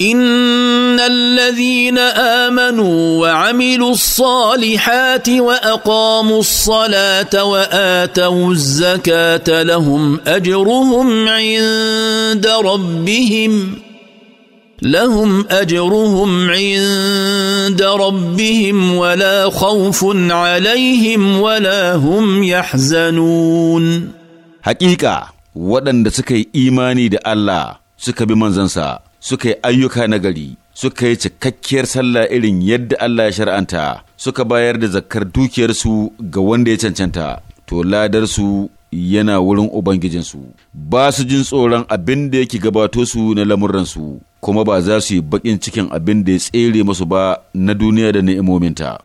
ان الذين امنوا وعملوا الصالحات واقاموا الصلاه واتوا الزكاه لهم اجرهم عند ربهم لهم اجرهم عند ربهم ولا خوف عليهم ولا هم يحزنون حقيقه ودن سكي إيماني imani da Allah suka suka yi ayyuka nagari suka yi cikakkiyar sallah irin yadda Allah ya shar'anta suka bayar da zakkar dukiyarsu ga wanda ya cancanta to ladarsu yana wurin ubangijinsu ba su jin tsoron abin da yake gabato su na lamuransu kuma ba za su yi baƙin cikin abin da ya tsere masu ba na duniya da ni'imominta